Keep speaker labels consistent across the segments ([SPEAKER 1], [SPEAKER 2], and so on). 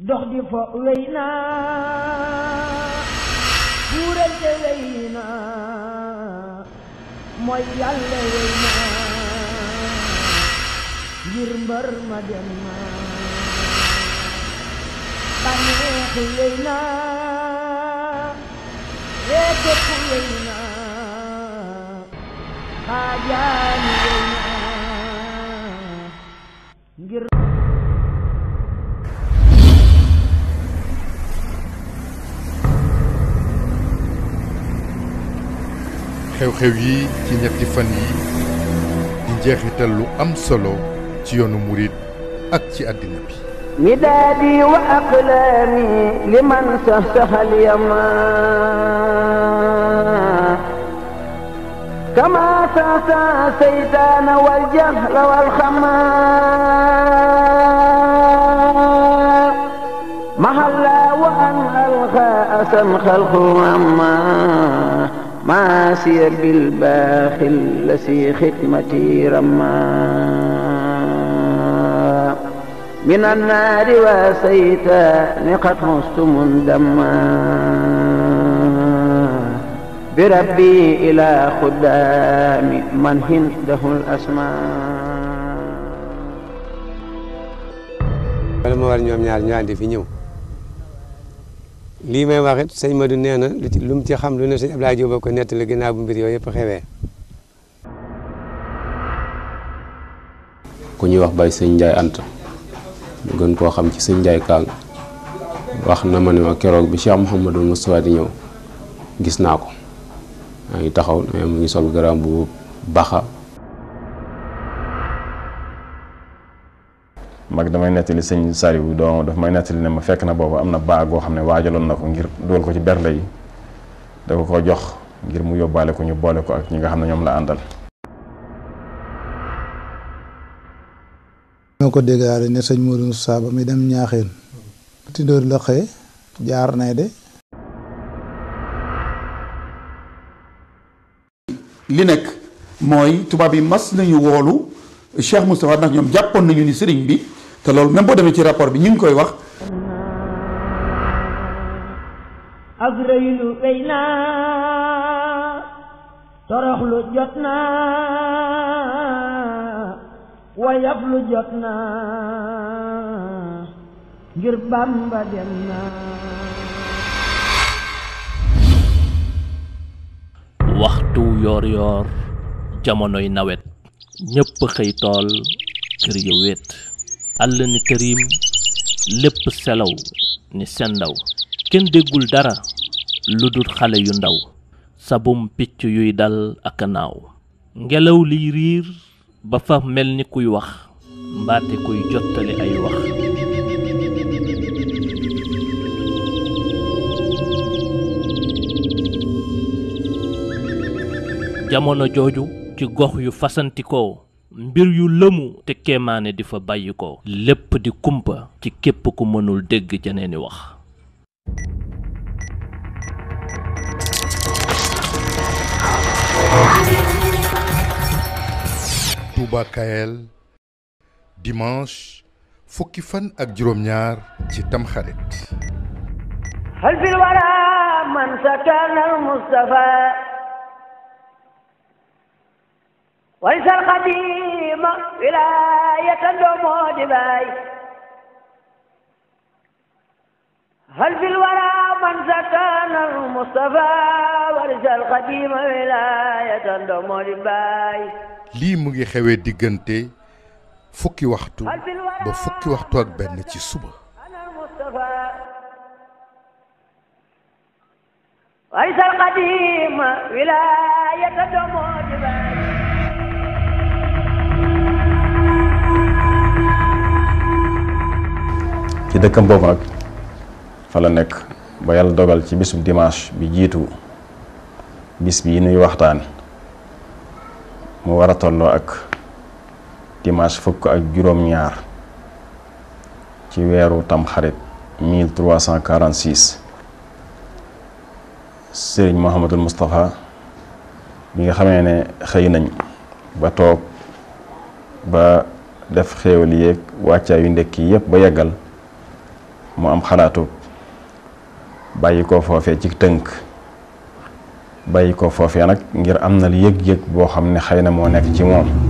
[SPEAKER 1] dox di fo wey naa buurante wey naa mooy yàlla wey naa ngir ma dem naa bànneexu wey naa reeteku wey naa
[SPEAKER 2] xew-xew yi ci ñetti fan yi di jeexital lu am solo ci yoonu murit ak ci àddina bi
[SPEAKER 1] midadi wa aqlami liman sax saxal yama كما ساسا سيدان والجهل jahla wal وان mahalla wa an معاسي بالباخل لسي ختمتي رما من النار واسيتا نقد مستم دما بربي إلى خدام من هنده الأسماء
[SPEAKER 3] wala moo war ñoom ñaar ñu àndi fi ñëw lii may wax it sëñ Madou nee na lu ci mu ci xam lu ne sëñ Abdoulaye Diop ko nettali a bu mbir yooyu yëpp xewee.
[SPEAKER 4] ku ñuy wax bay sëñ Ndiaye Anta ñu gën koo xam ci sëñ Ndiaye Kaang wax na ma ne ma keroog bi ma Mouhamadou Moustapha di ñëw gis naa ko maa ngi taxaw mu ngi sol garaam bu baxa
[SPEAKER 5] mag damay nettali sëñ Saliou doom daf may nettali ne ma fekk na boobu am na baa goo xam ne waajaloon na ko ngir dugal ko ci bernde yi da ko jox ngir mu yóbbaale ko ñu boole ko ak ñi nga xam ne ñoom la àndal.
[SPEAKER 2] ko déggaale ne sëñ Modou Moussa dem ñaaxeen. la jaar nay de.
[SPEAKER 6] nekk mooy tubaab yi mas nañu woolu Cheikh Moustapha ndax ñoom jàppoon nañu ni sëriñ bi. te loolu même boo demee ci rapport bi ñu ngi koy wax.
[SPEAKER 1] avril wey naa toroxlu jot naa wayablu jot naa ngir Bàmba dem naa.
[SPEAKER 7] waxtu yoor-yoor jamonoy nawet ñépp xëy tool kër yu wéet. àll ni kërim lépp selaw ni sendaw kenn déggul dara lu dul xale yu ndaw sa sabum picc yuy dal ak naaw ngelaw liy riir ba fa mel ni kuy wax mbaate kuy jottali ay wax jooju ci gox yu fasantikoo mbir yu lëmu te kéemaane di fa bàyyi ko lépp di kumpa ci képp ku mënul dégg jeneeni wax
[SPEAKER 2] Touba Kaël ak juróom-ñaar
[SPEAKER 1] وانسى القديم ولاية دوم دبي هل في الورى من سكن المصطفى وانسى القديم ولاية دوم دبي
[SPEAKER 2] لي موغي خوي ديغنتي فكي وقتو بفكي وقتو اك بن سي صبح
[SPEAKER 1] انا المصطفى وانسى القديم ولاية دوم دبي
[SPEAKER 5] ci dëkkam boobu nag fa la nekk ba yàlla dogal ci bisub dimanche bi jiitu bis bi nuy waxtaan mu war a tolloo ak dimanche fukk ak juróom-ñaar ci weeru tamxarit 1346 sëriñ Mouhamadul Moustapha bi nga xamee ne xëy nañ ba toog ba def xéewal yéeg wàccaa yu ndekki yépp ba yeggal mu am xalaatu bayiko fofé ci teunk bayiko fofé nak ngir amna li lu yëg-yëg boo xam ne xëy na ci mom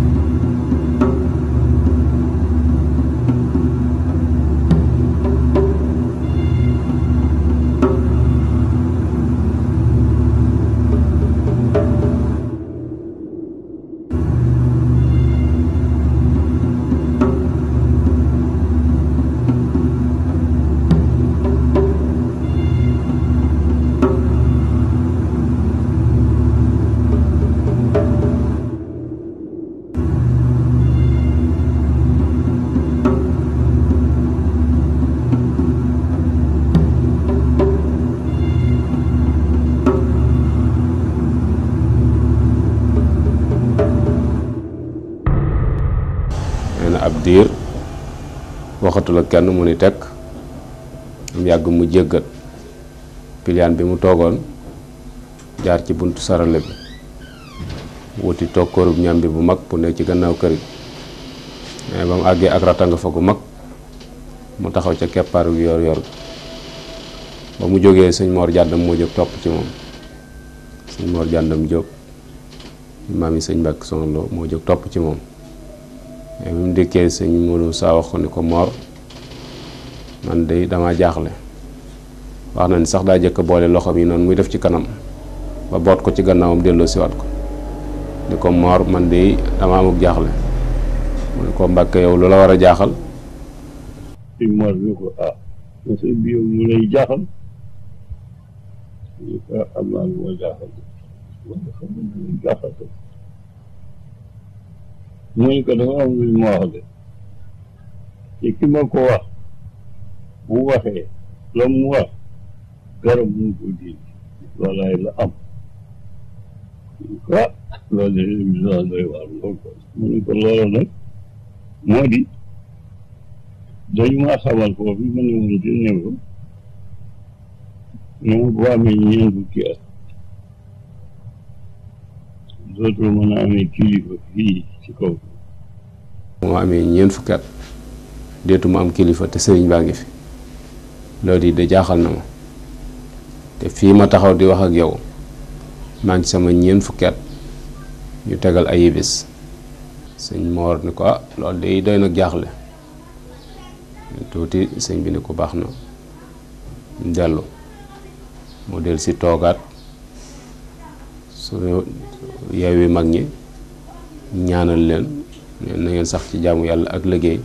[SPEAKER 4] nattu la kenn mu ni tek am yag mu jéggat pilian bi mu togon jaar ci buntu sarale bi wuti toog kërub ñam bi bu mag bu ne ci gannaaw kër gi mais eh, ba mu ak ratanga fa gu mag mu taxaw kepar keppaaru yor yor ba mu joge señ mor jandam mo jog top ci mom señ mor jandam jog mami señ sëñ sonlo mo jog top ci moom eh, bi mu señ mo do Sa wax ko ni ko man de dama jaaxle wax na ni sax daa jëkk boole loxoom yi noonu muy def ci kanam ba boot ko ci gannaawam delloo siwaat ko ni ko moor man de dama amuk jaaxle mu ne ko mbàkke yow lu la war a jaaxal suñ moor ni ko ah
[SPEAKER 6] sëñ bi yow mu lay jaaxal ah, am naa lu ma jaaxal jaaxal mu ne ko dafa am lu ma wax de te ki ma ko wax
[SPEAKER 4] bu waxee la mu wax garab mu ko dindi loolaay la am ah, mu ne ko loola nag moo di dañu maa xamal foofu ma ne moom di ñëw ne ma bu amee ñeent fukki at dootoo mën a amee kilifa fii ci kaw. bu ma amee ñeent fukki at deetuma am kilifa te sëriñ baa ngi fi. loolu yi de jaaxal na ma te fii ma taxaw di wax ak yow maa sama ñeent fukki ñu tegal ay bés sëñ Mor ni ko ah loolu de doy na jaaxle tuuti sëñ bi ni ko baax na dellu mu del si toogaat suñu yeewi mag ñi ñaanal leen na ngeen sax ci jaamu yàlla ak liggéey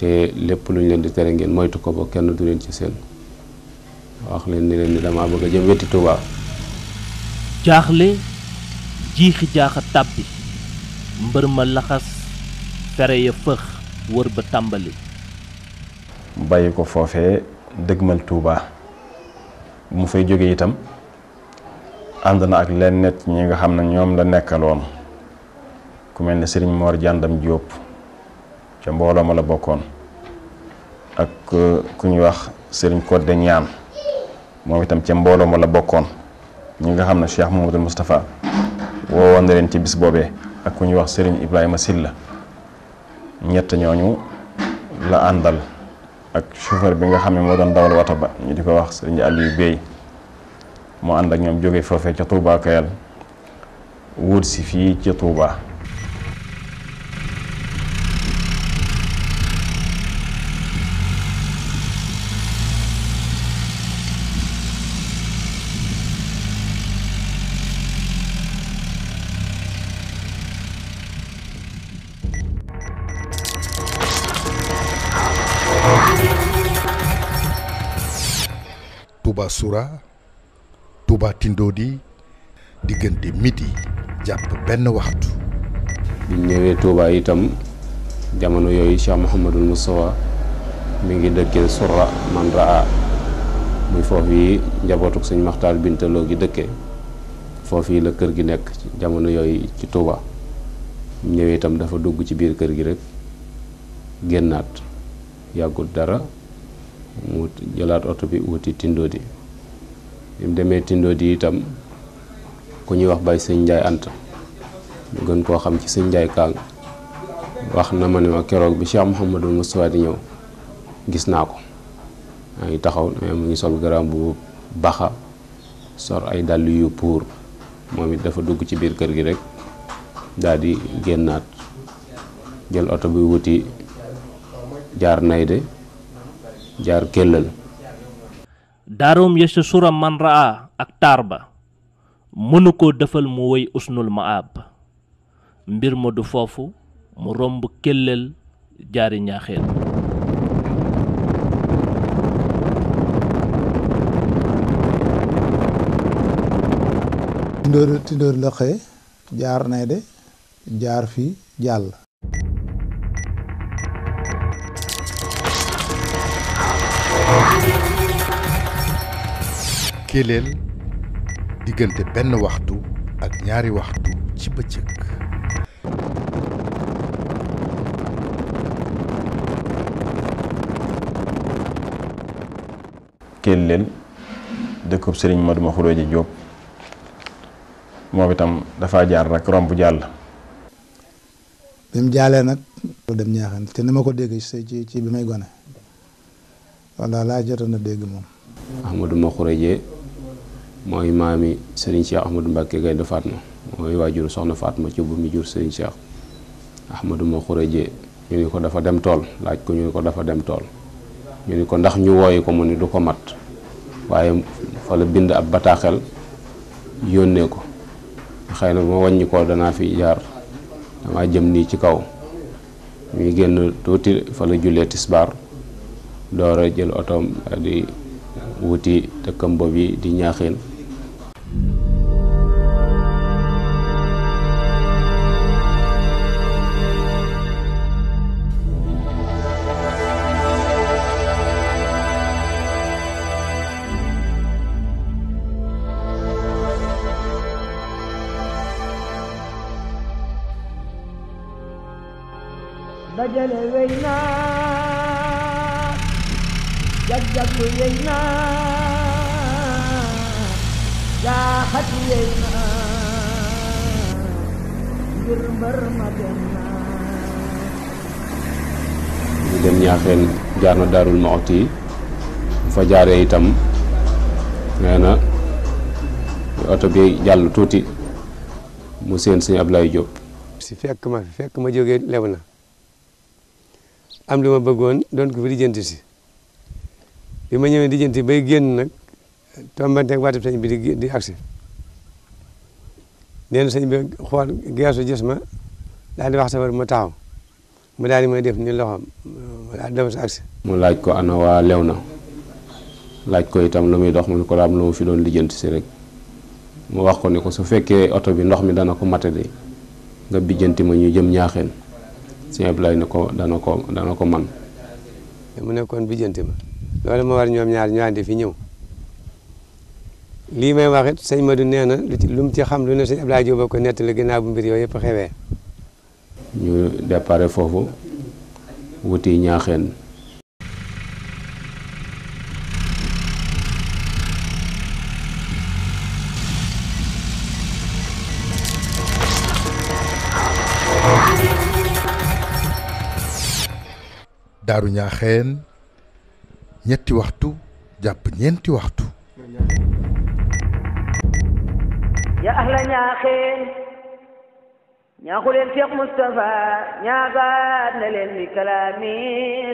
[SPEAKER 4] te lépp lu ñu leen di tere ngeen moytu ko ba kenn du leen ci seen wax leen ni leen ni dama bëgg a jëm weti Tuubaa
[SPEAKER 7] jaaxle jiixi jaaxa tàbbi mbër ma laxas fere ya fëx wër ba tàmbali
[SPEAKER 5] mu bàyyi ko foofe dëgmal Tuubaa mu fay jóge itam ànd na ak lenn nit ñi nga xam na ñoom la nekkaloon ku mel ne sëriñ Mor Jàndam Jóob ca mbooloo ma la bokkoon ak euh, ku ñuy wax sëriñ Codé ñaan moom itam ca mbooloo ma la bokkoon ñi nga xam ne Cheikh Mouhamadoul Moustapha woon na leen ci bis boobee ak ku ñuy wax sëriñ Ibrahima la ñett ñooñu la àndal ak chauffeur bi nga xam ne moo doon dawal wata ba ñu di ko wax sëriñ Aliou Bey moo ànd ak ñoom jógee foofee ca Touba Kayal wut si fii ci Touba.
[SPEAKER 2] Touba Soura Touba di diggante midi jàpp benn waxtu.
[SPEAKER 4] bi ñëwee Touba itam jamono yooyu Cheikh Mouhamadul Moustapha mu ngi dëkkee Soura man raa muy foofu yi njabootuk sëñ Maxtaar Bintaloo gi dëkkee foofu yi la kër gi nekk jamono yooyu ci Touba ñëwee itam dafa dugg ci biir kër gi rekk génnaat yàggut dara. mu jëlaat oto bi wuti Tindodi bi mu demee Tindodi itam ku ñuy wax bay sëñ Njaay Anta ñu gën koo xam ci sëñ Njaay Kaang wax na ma ne ma keroog bi Cheikh Mouhamadul Moustapha di ñëw gis naa ko maa ngi taxaw mu ngi sol garaam bu baxa sor ay dàll yu puur moom it dafa dugg ci biir kër gi rek daal di génnaat jël oto bi wuti jaar nay de jaar kellal
[SPEAKER 7] darum yesu sura man raa ak tarba munuko defal mu way usnul maab mbir mo du fofu mu romb kellal jaari ñaaxeel
[SPEAKER 2] tindóor tindor la xey jaar nay de jaar fi jall kéléel diggante benn waxtu ak ñaari waxtu ci bëccëg
[SPEAKER 5] kéléel Ma Xureeja Jóob moom itam dafaa jaar rek romb jàll
[SPEAKER 2] bi mu jaalee nag dem ñaaxan te ni ma ko dégg ci ci bi may gone walla laa jot a dégg moom
[SPEAKER 4] Ahmadu Ma Xureeja mooy maami Serigne Cheikh Ahmadou Mbacke Gaynde Fatma mooy waajuru soxna Fatma ci bu mi jur Serigne Cheikh Ahmadou ma xurajee ñu ni ko dafa dem tool laaj ko ñu ni ko dafa dem tool ñu ni ko ndax ñu wooyi ko mu ni du ko mat waaye fa la bind ab bataaxel yónnee ko xëy na bu ma wàññi ko danaa fi jaar dama jëm nii ci kaw muy génn tuuti fa la jullee tisbaar door a jël otoom di wuti dëkkam bopp yi di ñaaxeen
[SPEAKER 1] dajale wey naa mbër ma dem naa
[SPEAKER 4] ñu dem ñaaxeen jaar na daarul Mawti fa jaaree itam nee na oto bi jàll tuuti mu seen sëñ Ablaye Diop.
[SPEAKER 3] si fekk ma fekk ma jógee lew na am li ma bëggoon doon ko fi lijjanti si bi ma ñëwee lijjanti bay génn nag tombanteeg waatib sañ bi di di agsi nee sëñ bi xool geesu gis ma daal di wax safar ma taxaw mu daal di may def ni loxo ma daal di dem sa
[SPEAKER 4] mu laaj ko ana waa lew na laaj ko itam lu muy dox mu ne ko am lu mu fi doon lijjanti si rek mu wax ko ne ko su fekkee oto bi ndox mi dana ko mate de nga bijjanti ma ñu jëm ñaaxeen sëñ Abdoulaye ne ko dana ko dana ko man
[SPEAKER 3] mu nekkoon bijjante ba loolu moo war ñoom ñaar ñu àndi fi ñëw lii may wax it ma Madou nee na lu mu ci xam lu ne sëñ Abdoulaye Diop ko nettali ginnaaw bu mbir yooyu yëpp xewee
[SPEAKER 4] ñu déparé foofu wuti ñaaxeen
[SPEAKER 2] daaru ñaaxeen ñetti waxtu jàpp ñeenti waxtu
[SPEAKER 1] ya ahla ñaaxeen ñaaxu leen Cheikh Moustapha ñaaxaat na leen mi kalaami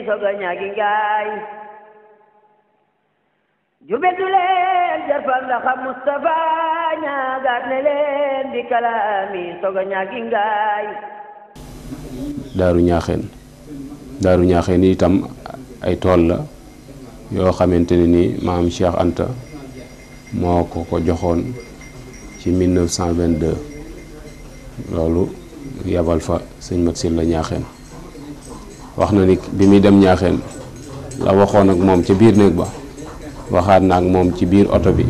[SPEAKER 1] soga ñaagi du leen jarfal ndaxa Moustapha ñaagaat na di kalaami soga ñaagi ngaay
[SPEAKER 4] daaru ñaaxeen daaru ñaaxeen itam ay tool la yoo xamante ne ni maam Cheikh Anta moo ko ko joxoon ci 1922 loolu yabal fa sëñ Mat la ñaaxeen wax na ni bi muy dem ñaaxeen la waxoon ak moom ca biir néeg ba waxaat na ak moom ci biir oto bi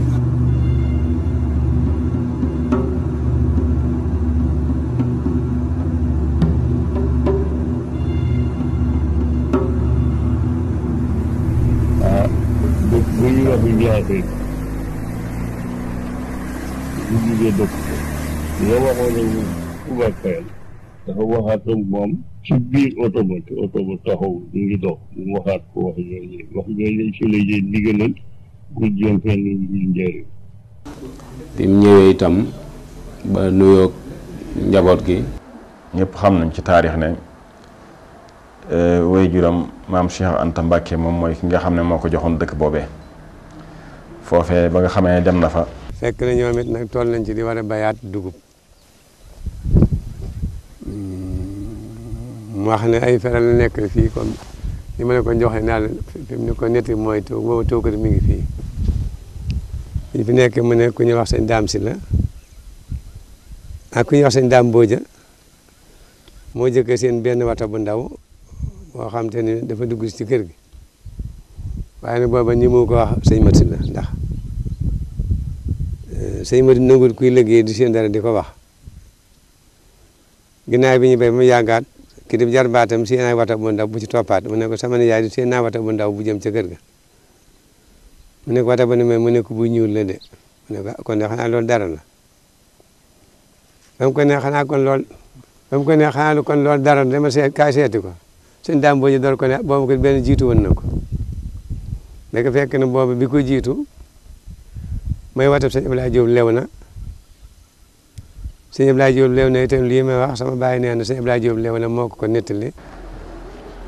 [SPEAKER 4] waxaat ak moom ci biir oto ba oto ba taxawul ñu ngi dox ko wax yooyu wax yooyu ci la bi ñëwee
[SPEAKER 5] itam ba nuyoog njaboot gi ñëpp xam nañ ci taarix ne e, way juram maam Cheikh Anta Mbàkke moom mooy ki nga xam ne moo ko joxoon dëkk boobee foofee ba nga xamee dem na fa
[SPEAKER 3] fekk na ñoom it nag toll nañ ci di war a bayaat dugub mu wax ne ay feneen la nekk fii comme ni ma la ko joxe naa la fi mu ne ko netti mooy toog booba toog mi ngi fii ñu fi nekk mu ne ku ñuy wax sëñ daam si la ak ku ñuy wax sëñ daam booja moo jëkkee seen benn wata bu ndaw boo xam te ni dafa dugg ci kër gi waaye nag booba ñi mu ko wax sëñ mat si la ndax eh, sëñ mat nangul kuy liggéey di seen dara di ko wax ginnaaw bi ñu bay mu yàggaat ki dib jarbaatam seen ay wata bu ndaw bu ci toppaat mu ne ko sama nijaay bu ndaw bu jëm ca kër ga mu ne ko wata bu ne mu ne ko bu ñuul la de mu ne ah kon de xanaa loolu dara la ba mu ko ne xanaa kon lool ba mu ko ne xanaa kon loolu dara la dama seet kaa ko suñ daam boo ji ko ne boobu ko jiitu woon na ko léegi fekk na boobu bi ko jiitu ma watab sëñ Abdoulaye Diop lew na sëñ Abdoulaye Diop Léona itam lii may wax sama bàyyi nee na sëñ Abdoulaye Diop Léona moo ko ko nettali.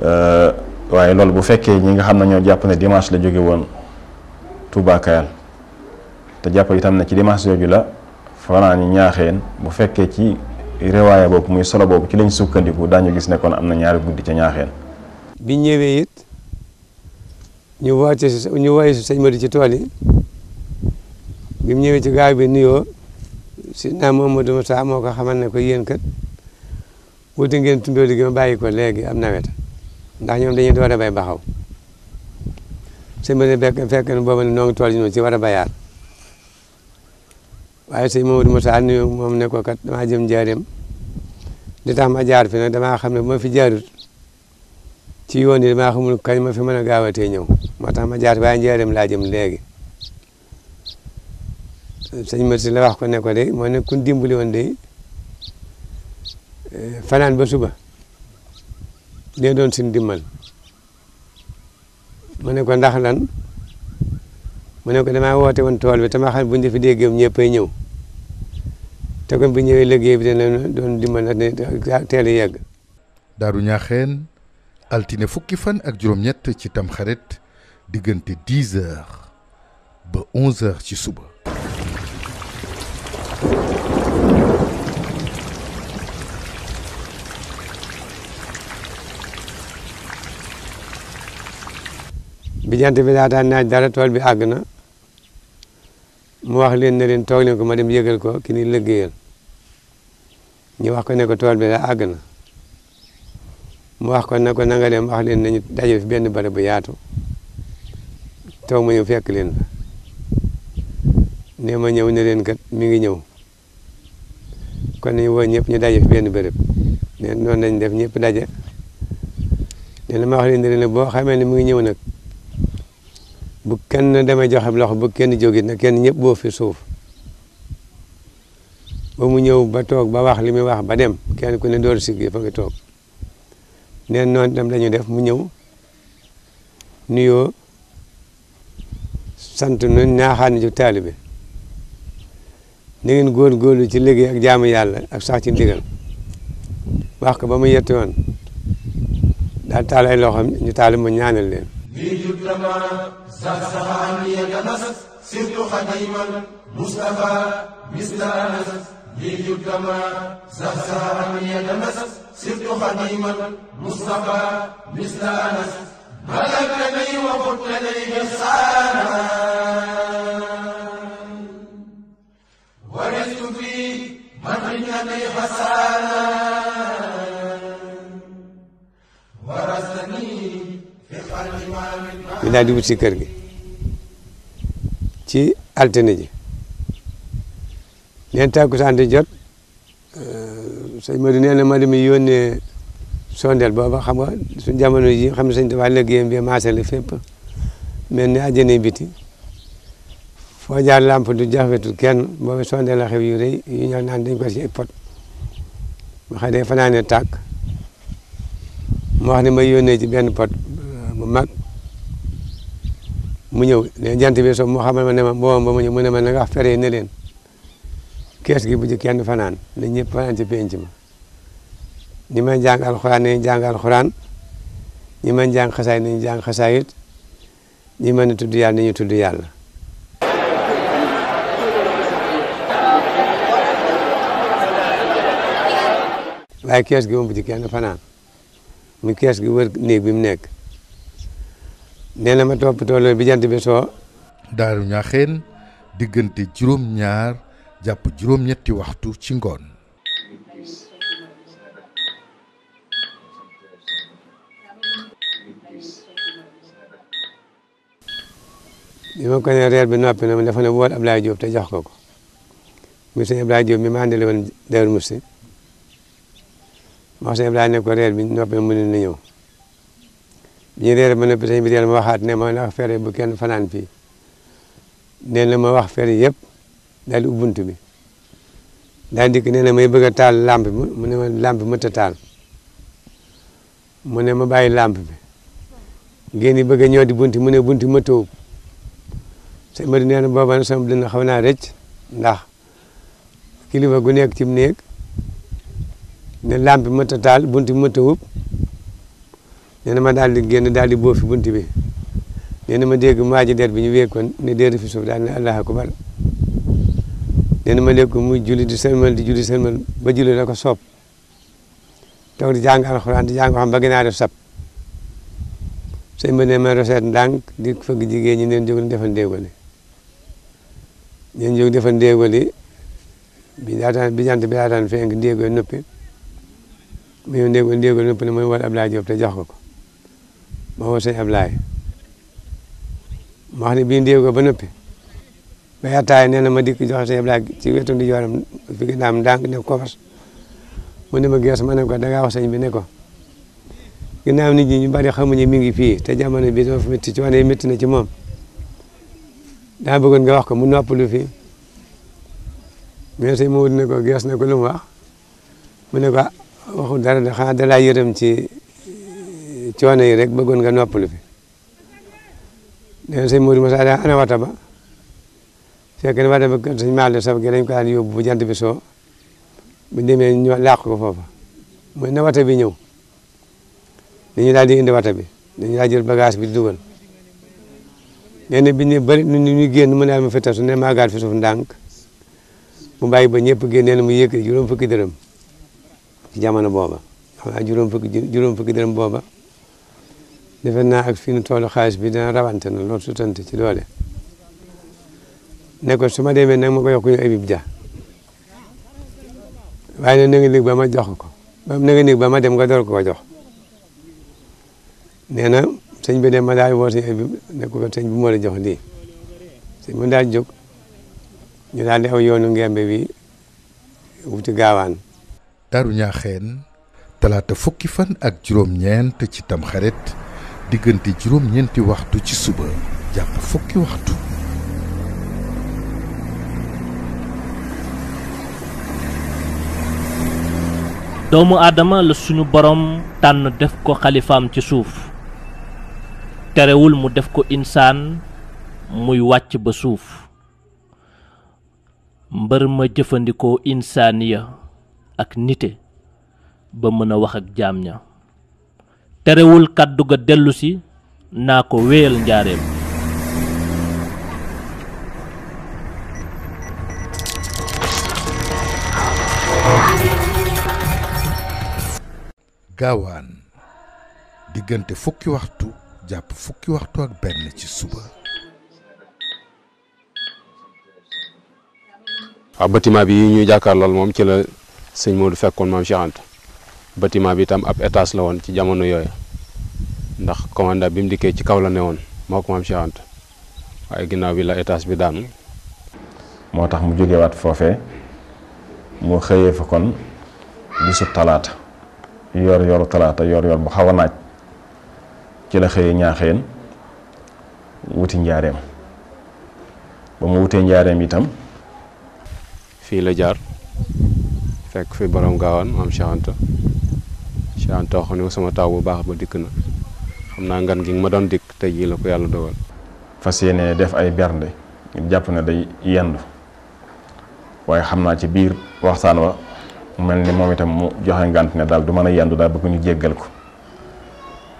[SPEAKER 5] Uh, waaye loolu bu fekkee ñi nga xam ne ñoo jàpp ne dimanche la jóge woon Touba te jàpp itam ne ci dimanche jooju la fanaan ñi ñaaxeen bu fekkee ci rewaaya boobu muy solo boobu ci lañ sukkandiku daañu gis ne am na ñaari guddi ca ñaaxeen.
[SPEAKER 3] bi ñëwee it ñu woote ñu woy sëñ Madu ci tool yi bi ñëwee ci gaaw bi nuyoo. Seydina Mouhamadou Moussa moo ko xamal ne ko yéen kat wuti ngeen tundoo li ma bàyyi ko léegi am nawet ndax ñoom dañuy door a bay baxaw sëñ bi ne fekk fekk na booba ne noo ngi tool yi ci war a bayaat waaye sëñ Mouhamadou Moussa nuyu moom ne ko kat damaa jëm njaareem li tax ma jaar fi nag damaa xam ne moo fi jaarut ci yoon yi damaa xamul kañ ma fi mën a gaawatee ñëw moo tax ma jaar waaye njaareem laa jëm léegi sëñ Mati la wax ko ne ko de moo ne kun dimbali woon de eh, fanaan ba suba dee doon suñ dimbal mu ne ndax lan mu ne ko damaa woote woon tool bi te ma xam buñ defi déggam ñëppay ñëw te kon ñëwee liggéey bi dana doon dimbal na teel a yegg
[SPEAKER 2] daaru ñaaxeen altine fukki fan ak juróom-ñett ci tamxarit diggante 10 heures ba 11 heures ci suba
[SPEAKER 3] bi jant bi laataan naaj dara tool bi àgg na mu wax leen ne leen toog leen ko ma dem yëgal ko ki ni liggéeyal ñu wax ko ne ko tool bi la àgg na mu wax ko ne ko na nga dem wax leen nañu daje fi benn barab bu yaatu toog ma ñëw fekk leen fa ne ma ñëw ne leen kat mi ngi ñëw kon nañu woo ñëpp ñu daje fi benn bërëb ne noonu lañ def ñëpp daje ne ma wax leen ne leen boo xamee ne mu ngi ñëw nag bu kenn dema joxe loxo bu kenn jógit na kenn ñëpp boo fi suuf ba mu ñëw ba toog ba wax li muy wax ba dem kenn ku ne door siggi fa nga toog neen noonu dem lañu def mu ñëw nuyoo sant nu ñaaxaan ju taalibe ni ngeen góor-góorlu ci liggéey ak jaamu yàlla ak sax ci ndigal wax ko ba mu yetti woon daal taal ay ñu taali mu ñaanal leen
[SPEAKER 8] بيجب لما زاد سهاني أنس صرت خديما مصطفى مثل أنس بيجب لما زاد سهاني أنس صرت خديما مصطفى مثل أنس بلغتني وقلت لي إحسانا ورثت في من عندني حسانا
[SPEAKER 3] ورثت ñu daal di wut si kër gi ci altine ji neen tàkkusaan di jot euh, sëñ ma nee na ma dem yónnee sondeel booba xam nga suñ jamono ji xam ne sëñ Tuubaa liggéeyam bi maase la fépp mel ni àjjana biti foo jaar lamp du jaxwetul kenn booba sondeel a xew yu rëy yu ñor naan dañ ko si pot ma xam fanaane tàkk mu wax ne ma yónnee ci benn pot bu mag mu ñëw ne jant bi so mu xamal ma ne ma boobu ba mu ñëw mu ne ma nga feree ne leen kees gi bu ci kenn fanaan ne ñëpp fanaan ci penc ma ñi may jàng alxuraan nañu jàng alxuraan ñi may jàng xasaay nañu jàng xasaayit ñi mën a tudd yàlla ñu tudd yàlla waaye kees gi moom bu ci kenn fanaan mu kees gi wër néeg bi mu nekk nee na ma toppatoo loolu bi jant bi soo.
[SPEAKER 2] daaru ñaaxeen diggante juróom-ñaar jàpp juróom-ñetti waxtu ci ngoon.
[SPEAKER 3] bi ma ko nee reer bi noppi na ma dafa ne wool Ablaye Diop te jox ko ko muy sëñ Ablaye Diop mi ma àndale woon Daaru Musti ma wax sëñ Ablaye ne ko reer bi noppi na mu ne na ñëw. ñu réer ma ne bi sëñ bi deel ma waxaat ne ma ndax fere bu kenn fanaan fii na ma wax fere yëpp daal di ubbuntu bi daal dikk nee na may bëgg a taal lamp bi mu ne ma lamp bi a taal mu ne ma bàyyi lamp bi ngeen di bëgg a ñëw di bunti mu ne bunti ma tëwub sëñ ma di nee na booba na sama dina xaw naa rëcc ndax kilifa gu nekk ci mu néeg ne lamp bi mëtt a taal bunti ma tëwub nee ma daal di génn daal di boofi bunt bi nee na ma dégg maaji der bi ñu wéekoon ne déer fi suuf daal ne allahu akbar nee na ma léegi muy juli di sëlmal di juli julli sëlmal ba julli la ko soob toog di jàng alxuraan di jàng xam ba gën a def sab sëñ ba ne ma recette ndànk di fëgg jigéen ñi neen jóg defal ndéegoli neen jóg defal di bi daataan bi jant bi daataan fenk ndéegoli noppi mu ñëw ndéegoli ndéegoli noppi ne mooy wal Abdoulaye Diop te jox ko ko ma woo sëñ ma wax ne bii ndéew ko ba noppi ba yattaay nee na ma dikk jox sëñ Ablaye ci wetu ndi jooram fi ginnaaw ndànk ne ko mu ne ma gees ma ne ko dangaa wax sëñ bi ne ko ginnaaw nit ñi ñu bari xamuñu mi ngi fii te jamono bi dafa métti ci wane métti na ci moom daa wax ko mu noppalu fii sëñ Maodo ne ko gees na mu ne ko ah, waxul dara de xanaa da laa ci coono yi rek bëggoon nga noppalu fi nee na sëñ Modou Moussa ana wata ba fekk ne wata ba kër sëñ Maale Sab gi dañ bu jant bi so bu demee ñu làq ko foofa mooy ne wata bi ñëw dañu daal di indi wata bi dañu daal jël bagage bi dugal nee na bi ñu bëri nu ñu génn mu ne ma fi tasu ne maa gaat fi suuf ndànk mu bàyyi ba ñëpp génnee na mu yëkkati juróom fukki dërëm ci booba juróom fukki juróom booba defe naa ak fi nu toolu xaalis bi dana rawante na loolu sutante ci doole ne ko su ma demee nag ma ko yokku ñu Habib Dia waaye nag na nga néeg ba ma jox ko na nga néeg ba ma dem nga door ko ko jox nee na sëñ bi dem ma daal woo sëñ Habib ne ko sëñ bi moo la jox lii sëñ mu daal jóg ñu daal di aw yoonu ngembe bi wuti gaawaan
[SPEAKER 2] Daaru Ñaaxeen talaata fukki fan ak juróom-ñeent ci tamxarit digënté juroom ñenti waxtu ci suba
[SPEAKER 7] japp fukki waxtu doomu adama la suñu borom tan def ko khalifam ci suuf téréwul mu def ko insaan muy wàcc ba suuf mbër ma jëfandikoo insaaniya ak nite ba mën a wax ak jaam ña terewul kaddu ga delusi, si naa ko wéyal gawan
[SPEAKER 2] gaawaan diggante fukki waxtu japp fukki waxtu ak benn ci suba
[SPEAKER 4] a bâtiment bi ñuy jàkkaar lool ci la seigne Modou fekkon Cheikh bâtiment bi tam ab étage la won ci jamono yoyoo ndax commanda bi mu dikkee ci kaw la néwon moko mam Cheikh Anta waye ginnaw bi la étage bi daanu
[SPEAKER 5] motax mu mu wat fofé mu xeyé fa kon bisu talata, yor yor talata yor yor bu xawa naaj ci la xëyee ñaaxeen wuti ndiarém ba mu wuté ndiarém itam fi la jaar
[SPEAKER 4] fekk fi borom gawan
[SPEAKER 5] mam Cheikh Anta Cheikh
[SPEAKER 4] xone sama taw bu baax ba xam naa ngan gi ma doon dikk tey jii la ko yàlla dogal.
[SPEAKER 5] fas yéene def ay bernde jàpp ne day yendu waaye xam naa ci biir waxtaan wa mel ni moom itam mu joxe ngànt ne daal du mën a yendu daal bëgg ñu jéggal ko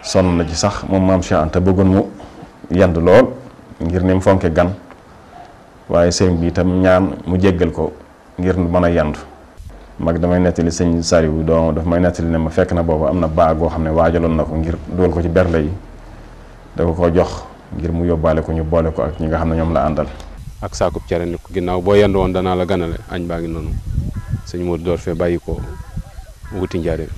[SPEAKER 5] sonn na ci sax moom maam Cheikh Anta bëggoon mu yendu lool ngir ni mu fonke gan waaye sëriñ bi itam ñaan mu jéggal ko ngir mën a yendu mag damay nettali sëñ Sariwu doom daf may nettali ne ma fekk na boobu am na baa xam ne waajaloon na ko ngir dugal ko ci bernde yi da ko jox ngir mu yóbbaale ko ñu boole ko ak ñi nga xam ne ñoom la àndal.
[SPEAKER 4] ak saakub cere ni ko ginnaaw boo yend woon danaa la ganale añ baa noonu sëñ moo door fee bàyyi ko wuti njaareem.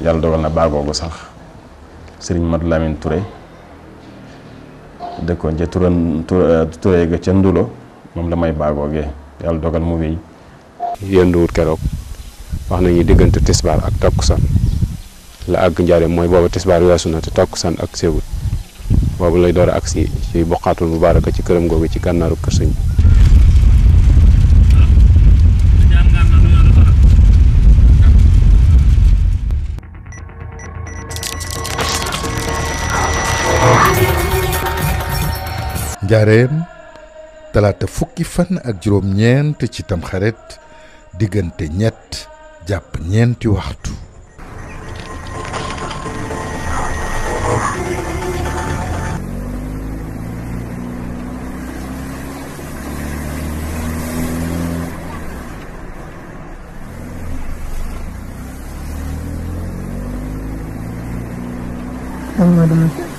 [SPEAKER 5] yàlla dogal na baa googu sax sëriñ Madou Lamine Touré. dëkkoon ca turan eh, turee ga ca ndulo moom la may baagoogee yàlla dogal mu wéy yenduwut keroog wax nañu diggante tisbaar ak takkusaan
[SPEAKER 4] la àgg njaare mooy booba tisbaar weesu na te takkusaan ak séewut boobu lay door a agsi ci bu mubaaraka ci këram googu ci gànnaaru kër sëñ
[SPEAKER 2] njareen talaata fukki fan ak juróom-ñeent ci tam xaret diggante ñett jàpp ñeenti waxtu.
[SPEAKER 9] Allahumma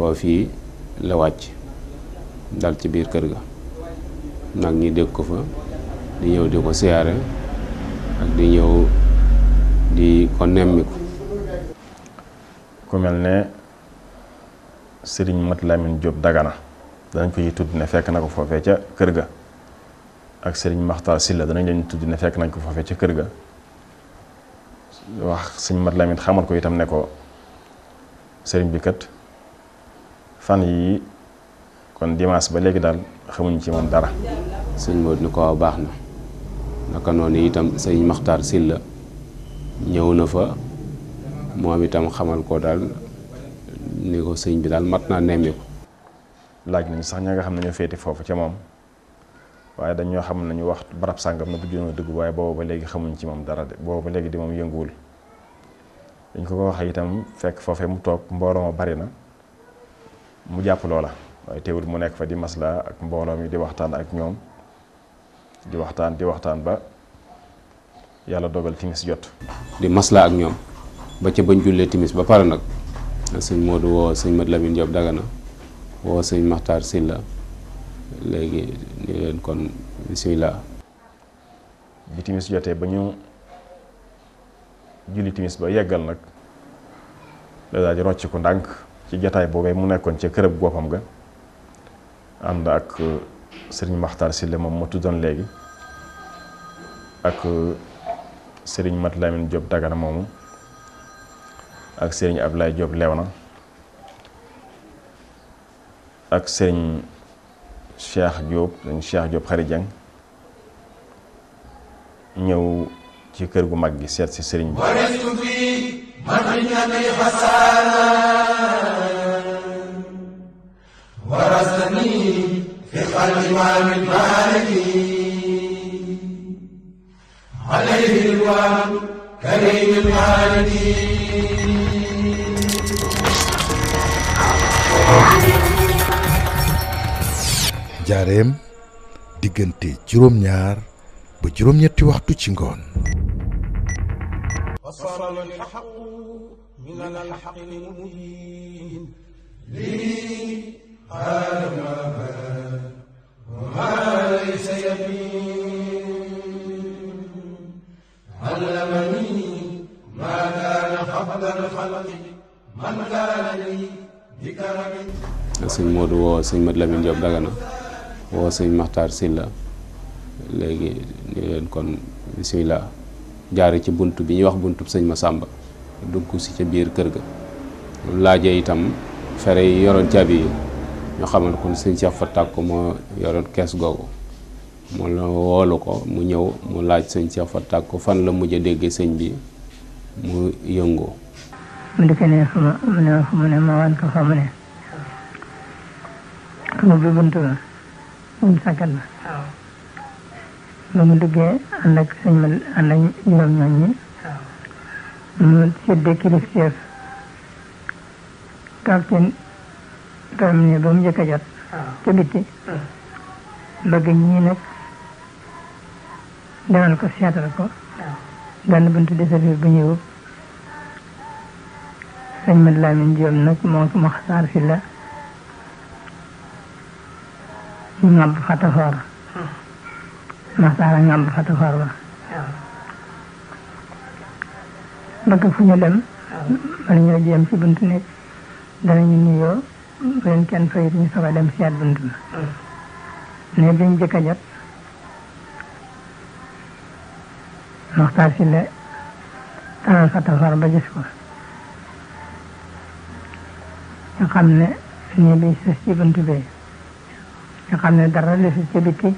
[SPEAKER 4] foofii la wàcc dal ci biir kër ga nag ñi dégg ko fa di ñëw di ko siyaare ak di ñëw di ko nemmiku
[SPEAKER 5] ku mel ne sëriñ Mat Lamin Jóob Dagana danañ ko tudd ne fekk na ko foofee ca kër ga ak sëriñ Maxtaar Silla danañ leen tudd ne fekk nañ ko foofee ca kër ga wax sëriñ Mat Lamin xamal ko itam ne ko sëriñ bi kat fan yi kon dimaas ba léegi daal xamuñ ci moom dara. sëñ Modou ni ko baax na
[SPEAKER 4] naka noonu itam sëñ Maxtaar Silla ñëw na fa
[SPEAKER 5] moom itam xamal ko daal ni ko sëñ bi daal mat naa nemmeeku. laaj nañ sax ña nga xam ne ñu féete foofu ca moom waaye dañoo xam nañu wax barab sàngam na bu juróom dëgg waaye boobu ba léegi xamuñ ci moom dara de boobu ba léegi di moom yënguwul dañ ko ko waxee itam fekk foofee mu toog mbooloo ma bari na. mu jàpp loola waaye teewul mu nekk fa di maslaa ak mbooloo mi di waxtaan ak ñoom di waxtaan di waxtaan ba yàlla dogal timis jot.
[SPEAKER 4] di maslaa ak ñoom ba ca bañ jullee timis ba pare nag sëñ Modou woo sëñ Mad Lamine Diop Dagana woo sëñ Maxtaar Silla léegi ni leen kon bisimilah.
[SPEAKER 5] bi timis jotee ba ñu julli timis ba yeggal nag da daal di rocc ko ndànk. ci jataay boobee mu nekkoon ci kërëb goppam ga ànd ak euh, sëriñ Maxtaar Sille moom ma tuddoon léegi ak euh, sëriñ Mat Lamin Jóob Dagana moomu ak sëriñ Ablaay Jóob na ak sëriñ Cheikh Jóob sëriñ Cheikh Jóob Xari Jeng ñëw ci kër gu mag gi seet si sëriñ bi
[SPEAKER 8] والإمام المالكي عليه رضوان كريم الخالدين
[SPEAKER 2] waktu diggante ñaar ba ñetti waxtu
[SPEAKER 8] وما ليس يبين علمني ما كان قبل الخلق من كان لي بكرم
[SPEAKER 4] sëñ Modou woo sëñ Mat Lamine Diop Dagana woo sëñ Maxtaar Silla léegi ñu leen kon bisimilah jaare ci bunt bi ñuy wax buntub sëñ Masamba dugg si ca biir kër ga laaje itam fere yi yoroon caabi yi ñu xamal ko sëñ Cheikh fa tàkk moo yoroon kees googu mu la woolu ko mu ñew mu laaj sëñ Cheikh fa fan la mu a déggee sëñ bi mu yëngu.
[SPEAKER 9] mu dëkk ne fu mu ne fu ne ma wan ko fa ne ko bi buntu la mu sàggal la mu mu duggee andak ak mal andak ñoom ñoom ñi mu séddee kilif chef captain garab ñu ba mu njëkk a jot ca bitti bëgg ñii nag ko seetal ko benn buntu desa fi bu ñëw sëñ mat laamin joom nag ngam ko maxtaar si la ñu ngàmb fatafoor maxtaar ba fu ñu dem si buntu nekk danañu nuyoo ba kenn fay duñu soog a dem seet bunt ba ne biñ jëkk a jot Moxtaar ba gis ko nga xam ne nii bi sës bunt bi nga xam ne dara li si ci bitti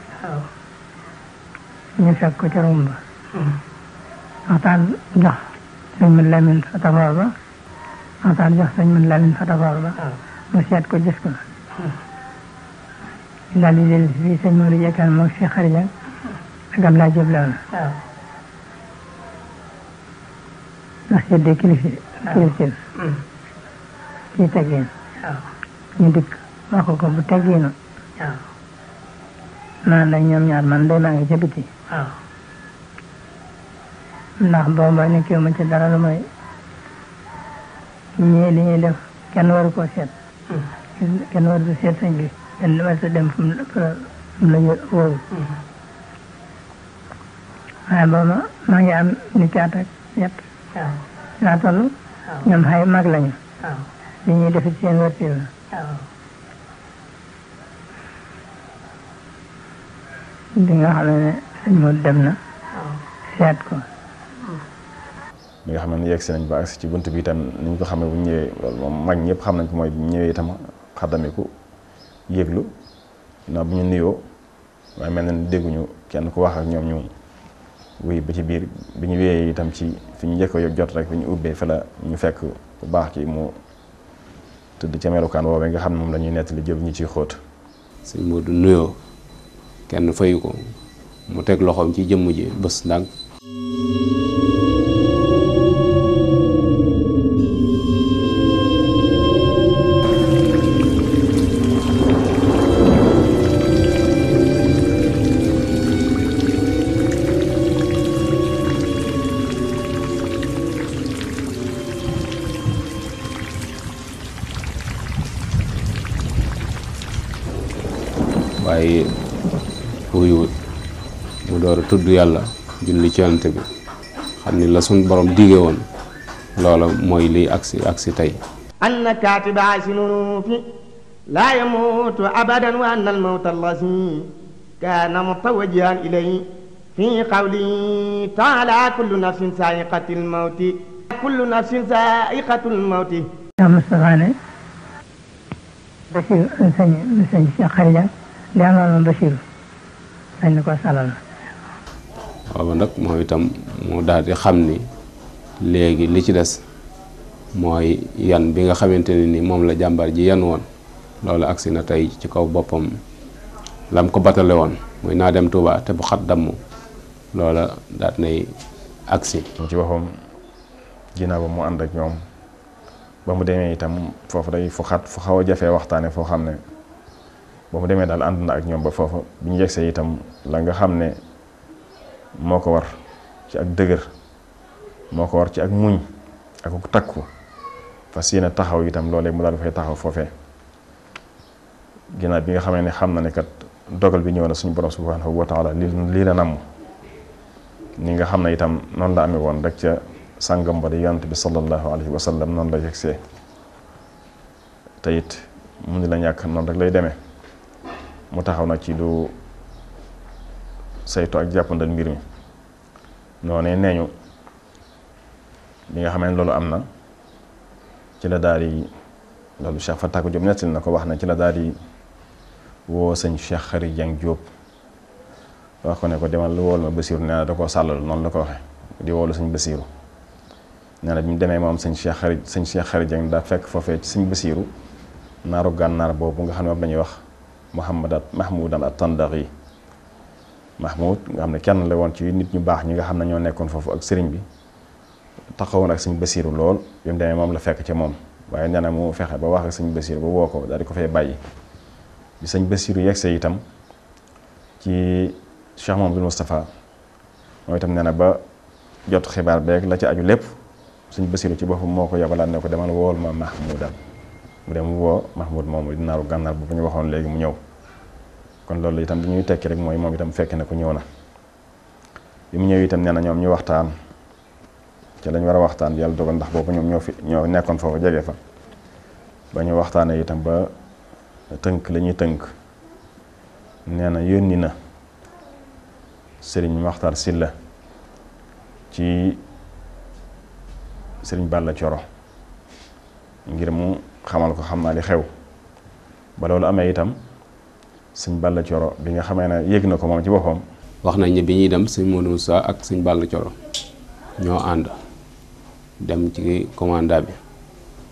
[SPEAKER 9] ñu fekk ko ca rumba Moxtaar jox sëñ mën Lamin sa taxawaar ba Moxtaar jox sëñ mën Lamin sa taxawaar ba mu seet ko gis ko li ah. mm. di dellu si sëñ Modou Diakane moom si xarijan ak Abdoulaye Diop la woon ndax seet de kilifa kilifteen kii teggeen ñu dikk wax ko ko bu teggeenu maa oh. nag ñoom ñaar man day maa ngi ca biti ndax booba nekkiwuma ci dara lu mooy eh. ñii li ñuy def kenn waru koo seet kenn war du seet sëñ bi kenn dem fu la woowu waaye booba maa ngi am ni caat ak ñett laa toll ñoom mag lañu li ñuy def ci seen wërti di nga xam ne sëñ mu dem na seet ko
[SPEAKER 5] mi nga xam ne yegg si nañ ba agsi ci bunt bi tam ni ñu ko xamee bu ñëwee loolu moom mag ñëpp xam nañ ko mooy bu ñëwee itam xaddamiku yëglu na bu ñu nuyoo waaye mel na ni dégguñu kenn ku wax ak ñoom ñu wuy ba ci biir bi ñu wéyee itam ci fi ñu njëkk jot rek fi ñu ubbee fa la ñu fekk bu baax ki mu tëdd ca melukaan woowee nga xam ne moom lañuy ñuy nettali jël ñu ciy xóot. sëñ Modou nuyoo
[SPEAKER 4] kenn fayu ko mu teg loxoom ci jëmm ji bës ndànk. tudd yàlla julli ci yonent bi xam ni la suñ borom dige woon loola mooy liy agsi agsi tey
[SPEAKER 7] an kaatib aasinun fi laa yamuutu abadan wa anna almawta allazi kaana mutawajjihan ilayhi في قوله تعالى كل نفس سائقة الموت كل نفس سائقة الموت يا
[SPEAKER 9] مصطفى بشير سني سني خرجا لأمام بشير سني كو سالنا
[SPEAKER 4] booba nag moom itam mu daal di xam ni léegi li ci des mooy yan bi nga xamante ne ni moom la jàmbar ji yan woon loolu agsi na tey ci kaw boppam lam ko batale woon muy naa dem Touba te bu xat damm
[SPEAKER 5] loola daat nay agsi ci boppam ginnaaw ba mu ànd ak ñoom ba mu demee itam foofu day fu xat fu xaw a jafee waxtaane foo xam ne ba mu demee daal ànd na ak ñoom ba foofu bi ñu yegsee itam la nga xam ne moo ko war ci ak dëgër moo ko war ci ak muñ ak ak takku fas yéene taxaw yi itam loolee mu daal dafay taxaw foofee ginaar bi nga xamee ne xam na ne kat dogal bi ñëw na suñu borom subhanahu wa taala lii lii la namm ni nga xam ne itam noonu la amee woon rek ca sàngam ba bi sallallahu alayhi wa sallam noonu la yegsee te mu ni la ñàkk noon rek lay demee mu taxaw na ci lu saytu ak jappandal mbir mi noné néñu bi nga xamné lolu amna ci la daal lolu Cheikh Fatak Diop nettali na ko wax ci la daal wo señ Cheikh Khary jang Diop wax ko ne ko demal wool ma basir nee da ko salal non la ko waxe di woolu señ Basiiru nee na bi mu demee moom sëñ Cheikh Khary señ Cheikh Khary jang da fekk fofé ci señ Basiiru naru gannar bobu nga xamné ne moom wax muhammadat Mahmoud at-tandaghi Mahmoud nga xam ne kenn la woon ci nit ñu baax ñi nga xam ne ñoo nekkoon foofu ak sëriñ bi taxawoon ak sëñ Basiiru lool bi mu demee moom la fekk ci moom waaye nee mu fexe ba wax ak sëñ Basiiru ba woo ko daal di ko fee bàyyi bi sëñ Basiiru yegsee itam ci Cheikh Mamadou Moustapha mooy itam nee na ba jot xibaar beeg la ci aju lépp sëñ Basiiru ci boppam moo ko yabalaat ne ko demal wool ma Mahmoudan mu dem woo Mahmoud moomu di naaru gànnaar bu ñu waxoon léegi mu ñëw kon loolu itam bi ñuy tekki rek mooy moom itam fekk na ko ñëw na bi mu ñëw itam nee na ñoom ñu waxtaan ci lañ war a waxtaan yàlla dogal ndax boobu ñoom ñoo fi ñoo nekkoon foofu jege fa ba ñu waxtaanee itam ba tënk la ñuy tënk nee na yónni na sëriñ Maxtaar Silla ci sëriñ Balla Coro ngir mu xamal ko xam naa li xew ba loolu amee itam sëñ Balla Coro bi nga xamee ne yëg na ko moom ci boppam. wax nañ ne bi ñuy dem sëñ Modou
[SPEAKER 4] Moussa ak sëñ Balla Coro ñoo ànd dem ci commanda bi.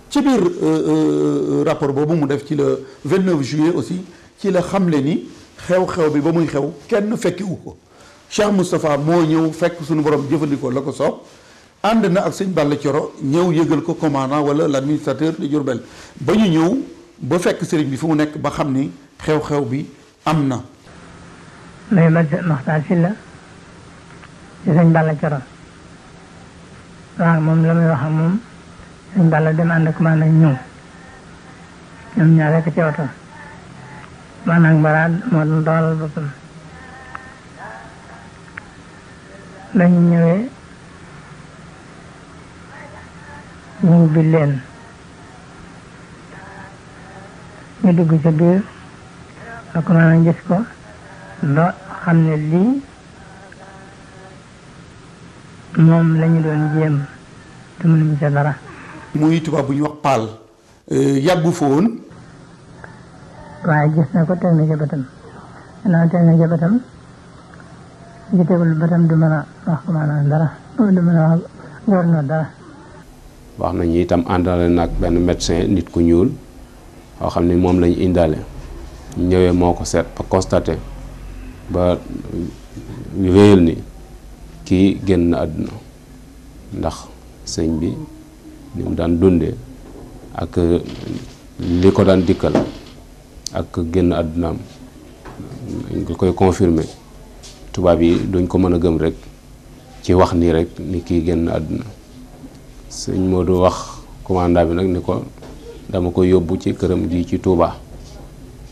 [SPEAKER 6] ci biir euh, euh, rapport boobu mu def ci la vingt 29 juillet aussi ci la xamle ni xew-xew bi ba muy xew kenn fekkiwu ko Cheikh Moustapha moo ñëw fekk suñu borom jëfandikoo la ko soob ànd na ak sëñ Balla Coro ñëw yëgal ko commandant wala l' administrateur de Diourbel ba ñu ñëw ba fekk sëriñ bi fu mu nekk ba xam ni. xew-xew bi am na.
[SPEAKER 9] may ma Maxtaar Sylla ci sëñ Balla Coro waaw moom la muy wax ak moom sëñ Balla dem ànd ak maanaam ñëw ñoom ñaar rek ci oto maanaam baraad moo doon dawalal boppam lañu ñëwee ñu ubbi leen ñu dugg ca biir. ak maanaam gis ko ba xam ne mom moom la ñu doon jéem te mënuñu ca dara.
[SPEAKER 6] muy tubaab eh, ya bu ñu wax paal yàggu fa woon.
[SPEAKER 9] waaye gis na ko teg na ca bëtam gannaaw teg na ca bëtam ji tegul bëtam du mën wax ko maanaam dara du mën wax góor na dara.
[SPEAKER 4] wax nañu itam àndale nag benn médecin nit ku ñuul koo xam ne moom lañu ñëwee moo ko seet ba constaté ba wéyal ni kii génn àdduna ndax sëñ bi ni mu daan dundee ak li ko daan dikkal ak génn àddunaam dañ koy confirmer tubaab yi duñ ko mën a gëm rek ci wax nii rek ni kii génn àdduna sëñ du wax commandant bi nag ni ko dama ko yóbbu ci këram ji ci tuubaa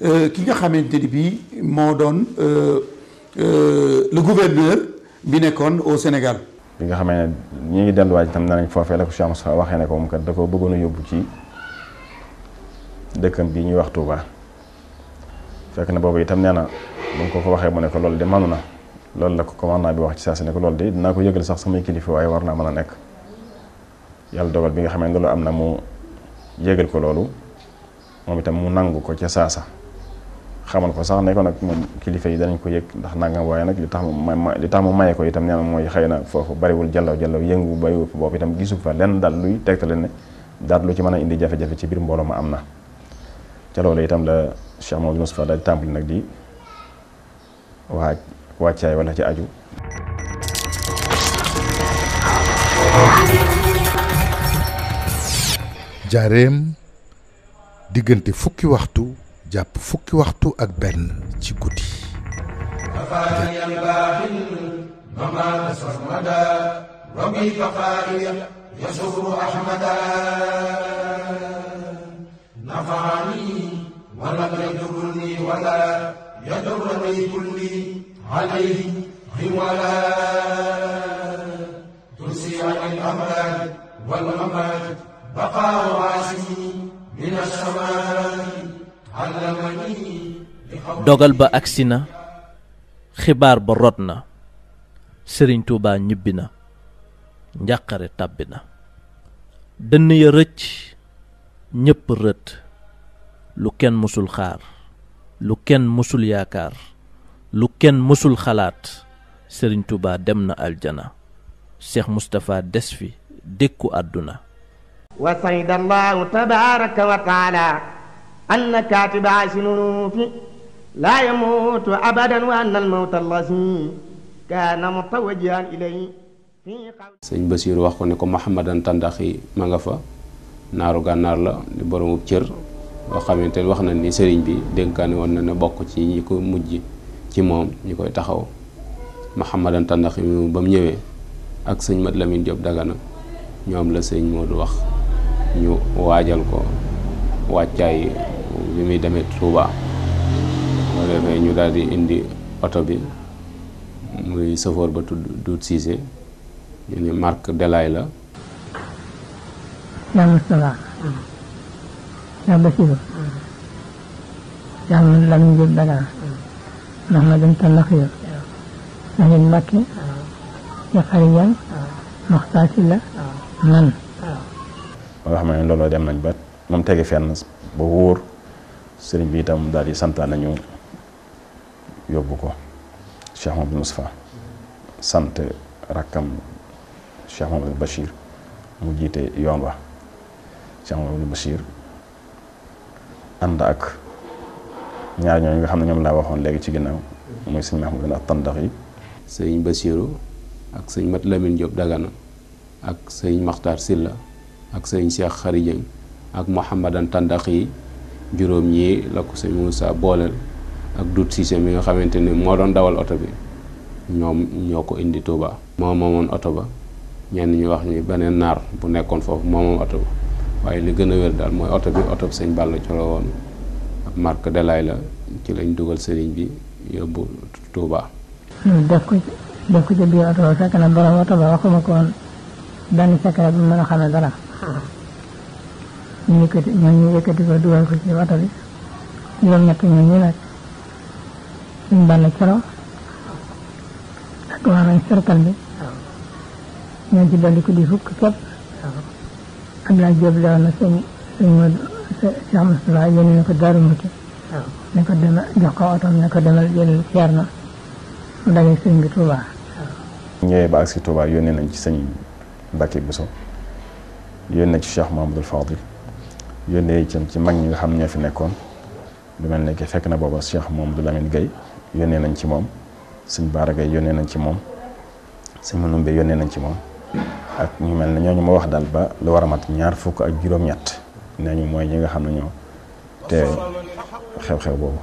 [SPEAKER 6] Euh, ki nga xamante ni bii moo doon euh, euh, le gouverneur bi nekkoon au Sénégal.
[SPEAKER 5] bi nga xamee ne ñi ngi delluwaat tam danañ foofee la ko Cheikh Moussa waxee ne ko moom kat da koo bëggoon a yóbbu ci dëkkam bi ñuy wax Touba fekk na boobu itam nee na bu ko ko waxee mu ne ko loolu de manu na loolu la ko commandant bi wax ci saa si ne ko loolu de dinaa ko yëgal sax samay kilifa waaye war naa mën a nekk yàlla dogal bi nga xamee ne loolu am na mu yëgal ko loolu moom itam mu nangu ko ca saasa. xamal ko sax ne ko nag moom kilifa yi danañ ko yëg ndax nangam waaye nag li tax mu li tax mu maye ko itam nee na mooy xëy na foofu bariwul jallaw jallaw yëngu bayu boobu itam gisu fa lenn daal luy tegtale ne daal lu ci mën a indi jafe-jafe ci biir mbooloo ma am na ca loolu itam la Cheikh Mamadou Moustapha daal tàmbali nag di waaj wàccaay wala ci aju jaareem
[SPEAKER 2] diggante fukki waxtu jàpp fukki waxtu ak benn ci guddi
[SPEAKER 8] والممات بقاء عاسمي من السماء dogal
[SPEAKER 7] ba agsi na xibaar ba rot na sëriñ tuubaa ñibbi na njàqare tàbbi na dënn ya rëcc ñépp rët lu kenn mësul xaar lu kenn mësul yaakaar lu kenn mësul xalaat sëriñ tuubaa dem na aljana seex mustapha des fi dékku àdduna
[SPEAKER 3] wa saydallaahu tabaaraka wa
[SPEAKER 7] taala أن كاتب عاشنون في لا يموت أبدا وأن الموت الذي كان متوجها إليه
[SPEAKER 4] sëñ Basiir wax ko ne ko Mouhamadan Tandaxi ma nga fa naaru gànnaar la di boromub cër boo xamante ne wax na ni sëriñ bi dénkaane woon na ne bokk ci ñi ko mujj ci moom ñi koy taxaw Mouhamadan Tandaxi ba mu ñëwee ak sëñ mët Lamin Jóob Dagana ñoom la sëñ Moodu wax ñu waajal ko wàccaay bi muy demee Touba moo defee ñu daal indi oto bi muy safoor ba tudd Doudou Cissé ñu ni marque Delaay la
[SPEAKER 9] yaa Moustapha yaa Basiru yaa man Lamin Jóob Dagana ndax ma dem tan laxyo ndax yéen xarijan maxtaasi man
[SPEAKER 5] ba nga xam ne looloo dem nañ ba moom tegi fenn ba wóor sëriñ bi itam daal di nañu yóbbu ko Cheikh Mamadou Moustapha sant rakkam Cheikh Mamadou Bachir mu jiite yoon wa Cheikh Mamadou Bachir ànd ak ñaar ñooñu nga xam ne ñoom laa waxoon léegi ci ginnaaw mooy sëñ Mahmoud ak tandax yi sëñ Basiru ak sëñ Mat Lamine Diop Dagana
[SPEAKER 4] ak sëñ Makhtar Silla ak sëñ Cheikh Khary Dieng ak Mouhamadan Tandax yi juróom ñi la ko sëñ Moussa booleel ak dut Cissé mi nga xamante ne moo doon dawal oto bi ñoom ñoo ko indi Touba. moo moomoon oto ba ñenn ñu wax ni beneen naar bu nekkoon foofu moo moom oto ba waaye li gën a wér daal mooy oto bi oto bi sëñ Balla Coro woon ab marque la ci lañ dugal sëriñ bi yóbbu Touba.
[SPEAKER 9] Hmm, def ko def ko ci biir oto ba fekk na borom oto ba waxuma ko woon benn secret bi mën a xamee dara. ñu yëkkati ñoom ñu ko dugal ko ci oto bi juróom ñett ñoom ñu nag suñ bànn coro ak waarañ serkal bi ñoo ci dolli ko di fukk képp Abdoulaye Diop lew na sëñ sëñ Modou Cheikh Moustapha na ko Daaru Muti ne ko demal jox ko oto ne ko demal jël ceer na mu dagee sëñ bi Touba
[SPEAKER 5] ñëwee ba ak si Touba yónnee nañ ci sëñ Mbacke Bousso yónnee na ci Cheikh Mahamadou Fadil yónnee itam ci mag ñi nga xam ñoo fi nekkoon lu mel ne que fekk na booba Cheikh moom du Lamine Gueye yónnee nañ ci moom sëñ Baara Gueye yónnee nañ ci moom sëñ Manoumbe yónnee nañ ci moom ak ñu mel ne ñu ma wax daal ba lu war a mat ñaar fukk ak juróom-ñett nee ñu mooy ñi nga xam ne ñoo te xew-xew boobu.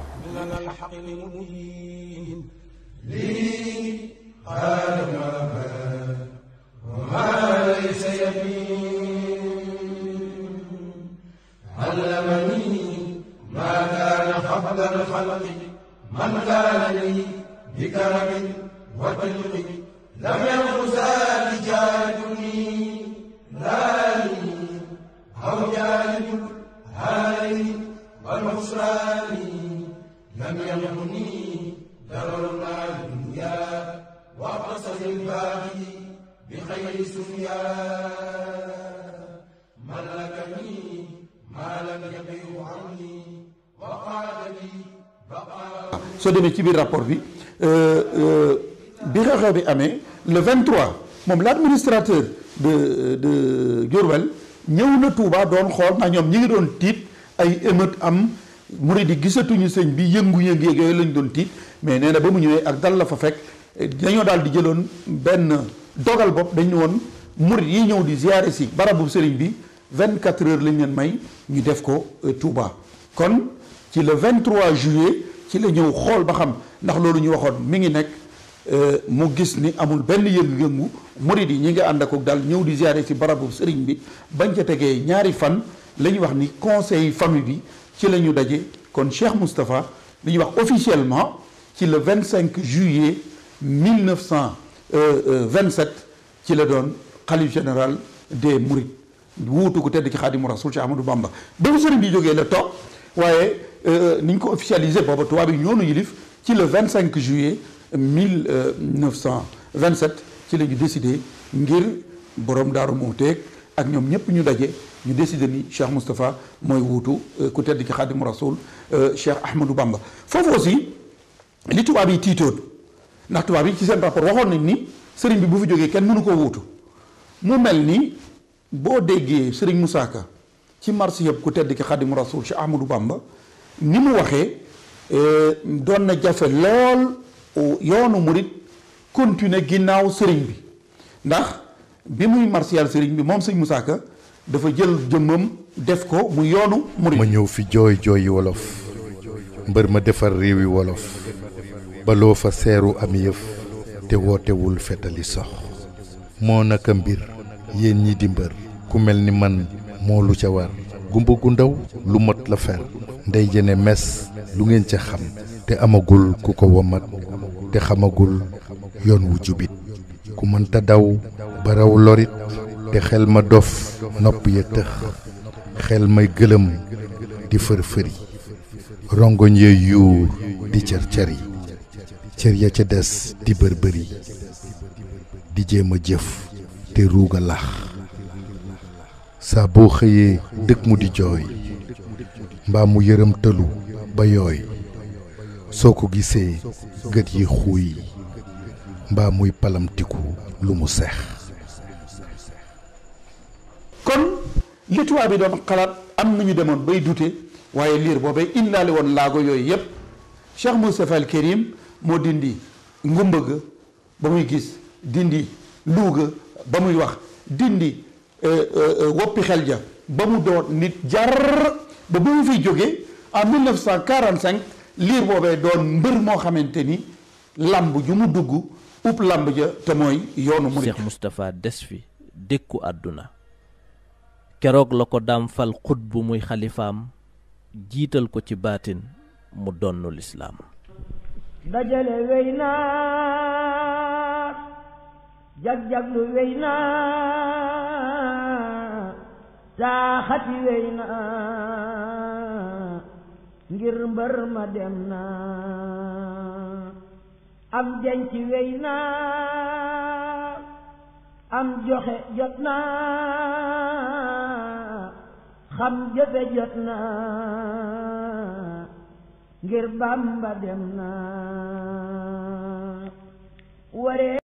[SPEAKER 6] rapport bi euh, euh, bi xew bi le 23 mom l'administrateur de de Diourbel ñëw na Touba doon xol na ñom ñi ngi doon tiit ay émeute am murid yi gisatuñu sëñ bi yëngu-yëngu yeeg doon mais nee na ba mu ñëwee ak dal la fa fek dañu dal di jëlone ben dogal bop dañu won ñëw di ziaré si barabu sëriñ bi 24 heures lañ leen may ñu def ko euh, Touba kon ci le 23 juillet ci la ñëw xool ba xam ndax loolu ñu waxoon mi ngi nekk euh, gis ni amul benn yëngu-yëngu murid yi ñi nga ànd ak daal ñëw di ziare ci barabu sëriñ bi bañ ca tegee ñaari fan la wax ni conseil famille bi ci la ñu daje kon Cheikh Mustafa Le ñuy wax officiellement ci le 25 juillet 1927 euh, euh, ci la doon xalif général des mourides wuutu ko tedd ci Xaadimu Rasuul Cheikh Amadou Bamba ba mu sëriñ bi jógee la waaye euh, ni ñu ko officialisé booba tubaab yi ñoonu yilif ci le 25 juillet 1927 ci la ñu décidé ngir borom daaru teeg ak ñoom ñëpp ñu daje ñu décidé ni Cheikh Moustapha mooy wuutu euh, ku tedd ci mu Rasul euh, Cheikh Ahmadou Bamba foofu aussi li tubaab yi tiitoon ndax tubaab yi ci seen rapport waxoon nañ ni sëriñ bi bu fi jógee kenn mënu koo wuutu mu mel ni boo déggee sëriñ Moussa Ka ci mars yëpp ku tedd ki xadim rasul ci Ahmadou Bamba ni mu waxee eh, doon na jafe lool yoonu murit continuer ginnaaw sëriñ bi ndax bi muy martial sëriñ bi moom sëñ Moussa Ka dafa jël jëmmam def ko mu yoonu murit
[SPEAKER 2] ma ñëw fi jooy jooy yi wolof mbër ma defar réewi wolof baloo fa seeru am yëf te wootewul fetali sox moo naka mbir yéen ñi di mbër ku mel ni man mo lu ca war gumbu gu ndaw lu mat la fer ndey jene mes lu ngeen ca xam te amagul ku ko wamat te xamagul yoon wu jubit ku ta daw baraw lorit te xel ma dof nopp ye ya tëx xel may gëlëm di fërfëri rongoñ ye ya yuur di cer cër yi ya ca des di bërbëri di jéem a te ruuga lax saa boo xëyee dëkk mu di jooy mbaa mu yërëm tëlu ba yooy soo ko gisee gët yi xuuy mbaa muy palamtiku lu mu seex
[SPEAKER 6] kon li bi doon xalaat am ñu demoon bay dute waaye liir boobay indaale woon laago yooyu yépp Cheikh Moustapha al Karim moo dindi ngumba ga ba muy gis dindi luuga ba muy wax dindi Euh, euh, euh, woppi xel ja ba mu doon nit jar ba bu mu fiy jógee en 1945 liir boobee doon mbër moo xamante ni lamb ju mu dugg upp làmb ja te mooy yoonu murid
[SPEAKER 7] Cheikh Moustapha des fi dékku àdduna keroog la ko daam fal xut bu muy xalifaam jiital ko ci baatin mu donnu lislaam
[SPEAKER 1] jag-jaglu wey na taaxati wey na ngir mbër ma dem na am denc wey na am joxe jot na xam jëfe jot na ngir Bàmba dem na waree